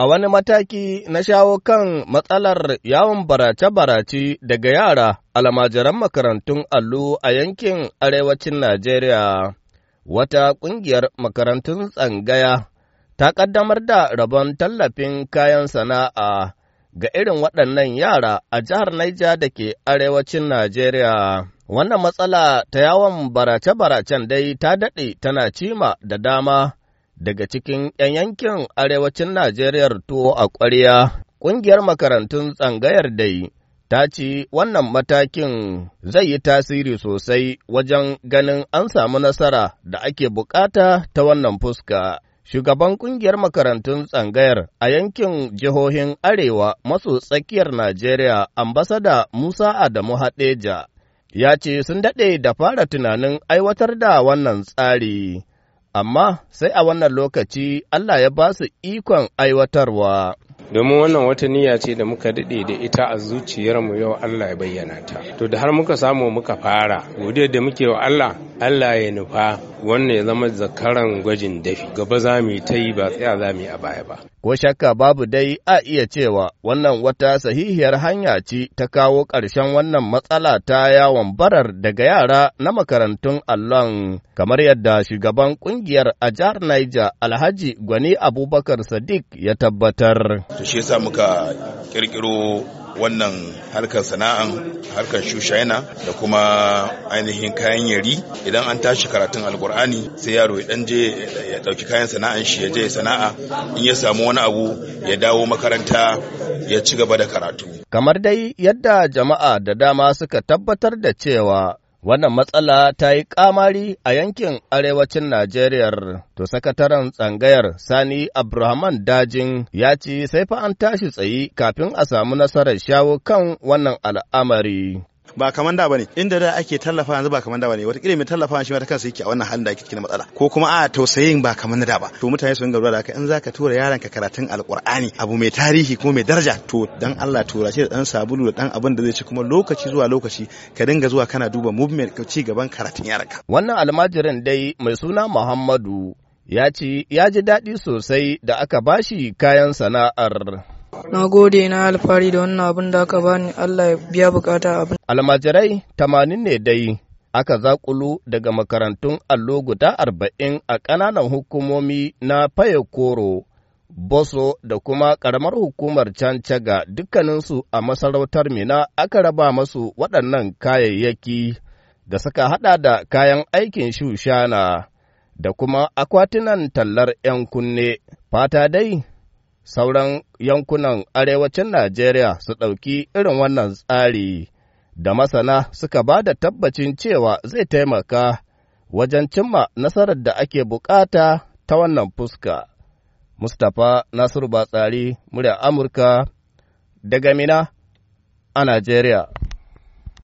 A wani mataki na shawo kan matsalar yawon barace-barace daga yara almajiran makarantun allo a yankin arewacin Najeriya, wata ƙungiyar makarantun tsangaya ta ƙaddamar da rabon tallafin kayan sana'a ga irin waɗannan yara a jihar Naija da ke arewacin Najeriya. Wannan matsala ta yawon barace-baracen dai ta daɗe tana cima da dama. daga cikin 'yan yankin arewacin Najeriya tuwo a ƙwarya, ƙungiyar makarantun tsangayar dai ta ce wannan matakin zai yi tasiri sosai wajen ganin an samu nasara da ake bukata ta wannan fuska. Shugaban ƙungiyar makarantun tsangayar a yankin jihohin Arewa maso tsakiyar Najeriya, ambasada Musa Adamu Haɗeja, ya ce sun daɗe da fara tunanin aiwatar da wannan tsari. amma sai a wannan lokaci Allah ya ba su ikon aiwatarwa. domin wannan wata niyya ce da muka daɗe da ita a zuciyarmu yau Allah ya bayyana ta to da har muka samu muka fara godiyar da muke wa Allah Allah ya nufa wannan ya zama zakaran gwajin dafi gaba za mu ta yi ba tsaya za mu yi a baya ba. Ko shakka babu dai a iya cewa wannan wata sahihiyar hanya ce ta kawo ƙarshen wannan matsala ta yawon barar daga yara na makarantun allon kamar yadda shugaban ƙungiyar a jihar Niger Alhaji Gwani Abubakar Sadiq ya tabbatar. shi yasa muka ƙirƙiro wannan harkar sana'an harkar shushaina da kuma ainihin kayan yari idan an tashi karatun alkur'ani sai yaro ya dan je ya dauki kayan sana'an shi ya je sana'a in ya samu wani abu ya dawo makaranta ya ci gaba da karatu kamar dai yadda jama'a da dama suka tabbatar da cewa Wannan matsala ta yi ƙamari a yankin arewacin Najeriya, to sakataren tsangayar Sani Abrahaman Dajin ya ce sai fa an tashi tsayi kafin a samu nasarar shawo kan wannan al'amari. ba kaman da bane inda da ake tallafa yanzu ba kaman da bane wataƙila mai tallafa shi ma ta kansa yake a wannan halin da ake cikin matsala ko kuma a tausayin ba kaman da ba to mutane su dinga da haka in zaka tura yaranka karatun alqur'ani abu mai tarihi ko mai daraja to dan Allah tura shi da dan sabulu da dan abin da zai ci kuma lokaci zuwa lokaci ka dinga zuwa kana duba movement ka ci gaban karatun yaranka wannan almajirin dai mai suna Muhammadu ya ci ya ji daɗi sosai da aka bashi kayan sana'ar Na gode na alfahari da wannan abin da aka bani Allah ya biya bukata abin. Almajirai tamanin ne dai aka zakulu daga makarantun allo guda arba'in a ƙananan hukumomi na faye koro, boso da kuma ƙaramar hukumar cancaga dukkaninsu a masarautar mina aka raba masu waɗannan kayayyaki da suka haɗa da kayan aikin shushana da kuma akwatunan tallar ‘yan kunne, fata dai sauran yankunan arewacin Najeriya su ɗauki irin wannan tsari da masana suka ba da tabbacin cewa zai taimaka wajen cimma nasarar da ake bukata ta wannan fuska. Mustapha Nasiru Batsari, murya Amurka, daga Mina a Najeriya.